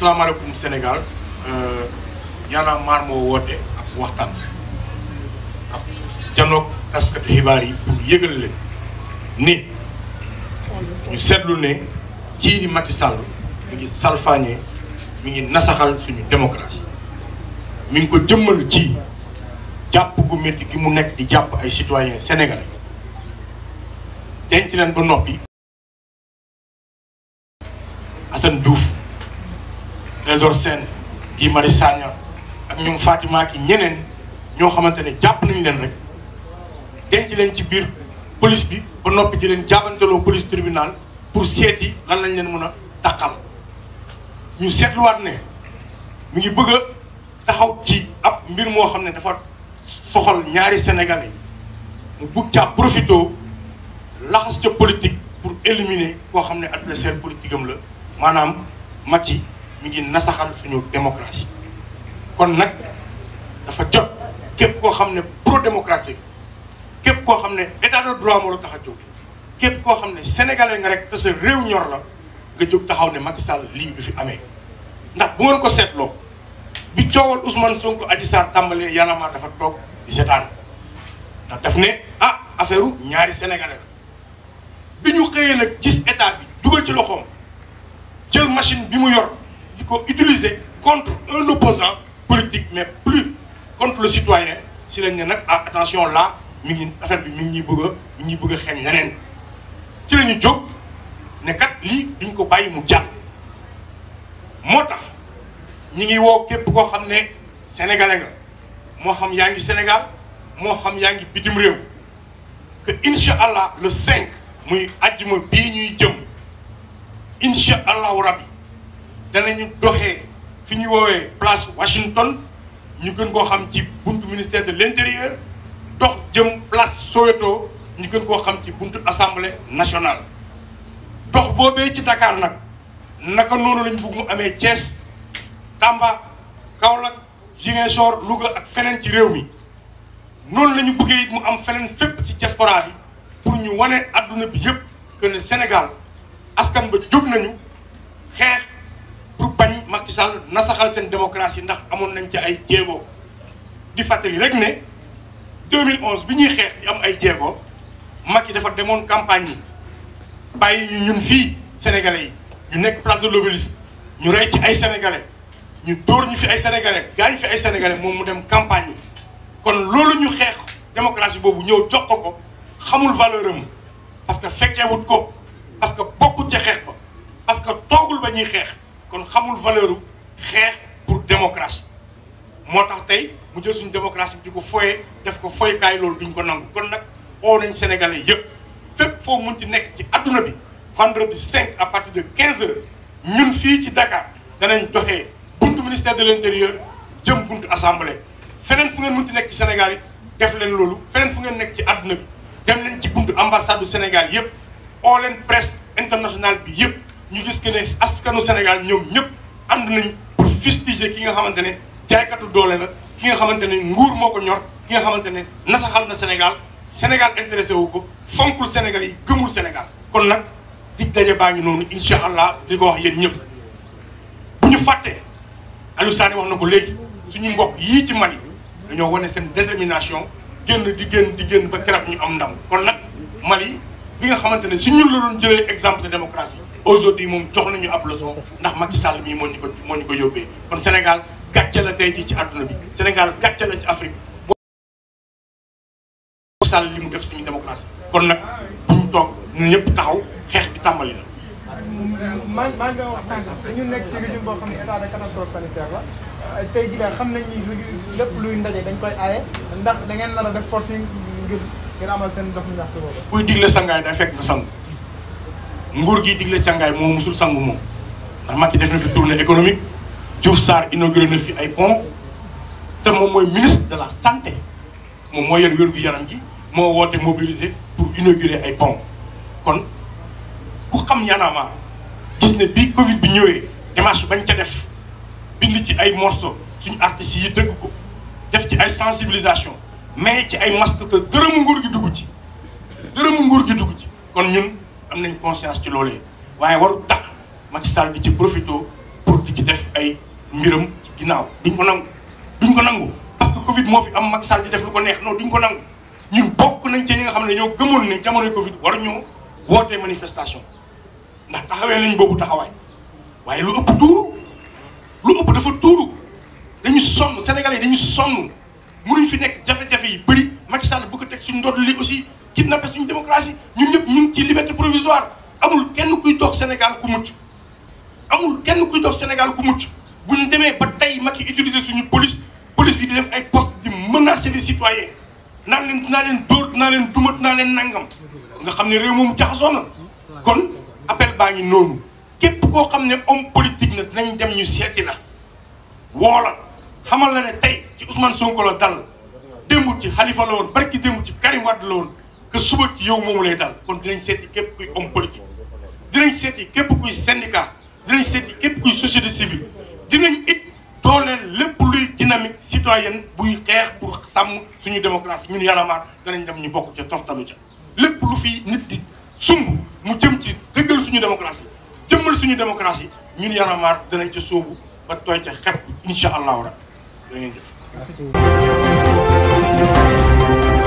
asalaamaaleykum Sénégal euh, Y'en a moo woote ab waxtaan ab janoog xibaar yi pour yëgal leen ni ñu seetlu ne kii di Macky Sall ngi salfaañee mi ngi nasaxal suñu démocratie mi ngi ko jëmmal ci jàpp gu métti gi mu nekk di jàpp ay citoyens sénégalais denc leen ba noppi Assane Diouf Clédor Sène Guy Marius Sagna ak ñoom Fatima ki ñeneen ñoo xamante ne jàpp nañ leen rek denc leen ci biir police bi ba noppi di leen jaabanteloo police tribunal pour seeti lan lañ leen mën a dàqal ñu seetluwaat ne mu ngi bëgg a taxaw ci ab mbir moo xam ne dafa soxal ñaari sénégalais mu bugg caa profité laxas ca politique pour éliminer koo xam ne adversaire politique am la maanaam mat Macky mu ngi nasaxal suñu démocratie kon nag dafa jot képp koo xam ne pro démocratie képp koo xam ne état de droit moo la tax a jóg képp koo xam ne sénégalais nga rek te sa réew ñor la nga jóg taxaw ne Macky Sall lii du fi amee ndax bu ngeen ko seetloo bi coowal Ousmane Sonko Adji Sarr tàmbalee yanama dafa toog di seetaan ndax daf ne ah affaire ñaari sénégalais la bi ñu xëyee nag gis état bi dugal ci loxoom jël machine bi mu yor di ko utiliser contre un opposant politique mais plus contre le citoyen si lañ ne nag ah attention la mi ngi affaire bi mi ngi ñuy bëgg a mi bëgg a xeeñ leneen ci la jóg ne kat lii duñ ko bàyyi mu jàpp moo tax ñi ngi woo képp koo xam ne sénégalais nga moo xam yaa ngi Sénégal moo xam yaa ngi bitim réew que incha allah le cinq muy àjjuma bii ñuy jëm incha allahu rabbi dana ñu doxee fi ñuy woowee place Washington ñu gën koo xam ci buntu ministère de l'intérieur dox jëm place Soweto ñu gën koo xam ci buntu assemblée nationale. dox boobee ci Dakar nag naka noonu lañ bëgg mu amee Thiès Tamba Kaolack Ziguinchor Louga ak feneen ci réew mi noonu la ñu mu am feneen fépp ci diaspora bi pour ñu wane àdduna bi yëpp que ne Sénégal askan ba jóg nañu xeex. Macky Sall nasaxal seen démocratie ndax amoon nañ ci ay jéego di fàttali rek ne 2011 bi ñuy xeex di am ay jéego Macky dafa demoon campagne yi bàyyi ñu ñun fii sénégalais yi ñu nekk place de l'Obélisque ñu rey ci ay sénégalais ñu dóor ñu fi ay sénégalais gaañ fi ay sénégalais moom mu dem campagne yi kon loolu ñu xeex démocratie boobu ñëw jox ko ko xamul valeur am parce que fekkee wut ko parce que bokkut ca xeex ko parce que toogul ba ñuy xeex. kon xamul valeur xeex pour démocratie moo tax tey mu jël suñu démocratie bi di ko foyee def ko foykaay loolu duñ ko nangu kon nag oo nañ sénégalais yëpp fépp foo mun ci nekk ci adduna bi vendredi 5 à partir de 15 heures ñun fii ci Dakar danañ doxee buntu ministère de l' intérieur jëm buntu assemblée feneen fu ngeen mun ci nekk ci Sénégal yi def leen loolu feneen fu ngeen nekk ci adduna bi dem leen ci buntu ambassade du Sénégal yëpp oo leen presse internationale bi yëpp. ñu gis que ne askanu Sénégal ñoom ñëpp ànd nañ pour fustiger ki nga xamante ne jaaykatu doole la ki nga xamante ne nguur moo ko ñor ki nga xamante ne nasaxal na Sénégal Sénégal intéressé wu ko fonkul Sénégal yi gëmul Sénégal kon nag dig daje baa ngi noonu incha allah di ko wax yéen ñëpp bu ñu fàttee Aliou Sané wax na ko léegi suñu mbokk yii ci Mali dañoo wane seen détermination génn di génn di génn ba keroog ñu am ndam kon nag Mali bi nga xamante ne suñu la doon jëlee exemple de démocratie aujourd'hui moom jox nañu ab leçon ndax Macky Sall mii moo ñu ko moo ñu ko yóbbee kon Sénégal gàcce la tey jii ci àdduna bi Sénégal gàcce la ci Afrique boo Sall li mu def suñu démocratie kon nag bu ñu toog ñun ñëpp taxaw xeex bi tàmbali na. maa maa ngi wax nekk ci régime boo xam ne état euh, xam nañ ni lépp luy ndaje dañ koy aaye ndax da ngeen nar a def forcing ngir ngir amal seen ndox mi ñaxtu boobu. buy digle sangaay day fekk nga sang. nguur gi digle càngaay moo musul sangu moom ndax Macky def na fi tournée économique Diouf Sarr inauguré na fi ay pont te moom mooy ministre de la santé moom mooy yor wér gu yaram gi moo woote mobilisé pour inaugurer ay pont kon ku xam Y'en a marre gis ne bi Covid bi ñëwee démarche bañ ca def bind ci ay morceau suñu artistes yi dëgg ko def ci ay sensibilisation mais ci ay masque te dërëmu nguur gi dugg ci dërëmu nguur gi dugg ci kon ñun. am nañ conscience ci loolee waaye waru tax Macky Sall di ci profité pour ci def ay mbiram ci ginnaaw duñ ko nangu duñ ko nangu parce que Covid moo fi am Macky Sall di def lu ko neex non duñ ko nangu ñun bokk nañ ci ñi nga xam ne ñoo gëmoon ne jamono Covid waruñoo wootee manifestation ndax taxawee nañu boobu taxawaay waaye lu ëpp tuuru lu ëpp dafa tuuru dañu sonn Sénégalais yi dañu sonn mënuñ fi nekk jafe-jafe yi bëri Macky Sall bu ko teg suñu ndodd li aussi kidnappé suñu démocratie ñun ñëpp ñu ngi ci liberté provisoire amul kenn kuy dox Sénégal ku mucc amul kenn kuy dox Sénégal ku mucc bu ñu demee ba tey Macky utiliser suñu police police bi def ay poste di menacer les citoyens naan leen dinaa leen dóor dinaa leen dumat dinaa leen nangam nga xam ne réew moom jaxasoo na kon appel baa ngi noonu képp koo xam ne homme politique na dinañ dem ñu seeti la woo la xamal la ne tey ci Ousmane Sonko la dal démb ci Khalifa la woon barki démb ci Karim Wade la woon que suba ci yow moomu lay daal kon dinañ seeti képp kuy homme politique dinañ seeti képp kuy syndicat dinañ seeti képp kuy société civile dinañ it dooleel lépp luy dynamique citoyenne buy xeex pour sàmm suñu démocratie ñun yàlla maar danañ dem ñu bokk ca toftalu ca lépp lu fi nit di sumb mu jëm ci dëggal suñu démocratie jëmmal suñu démocratie ñun yàlla maar danañ ca sóobu ba tooy ca xepp incha allahu rabbi da ngeen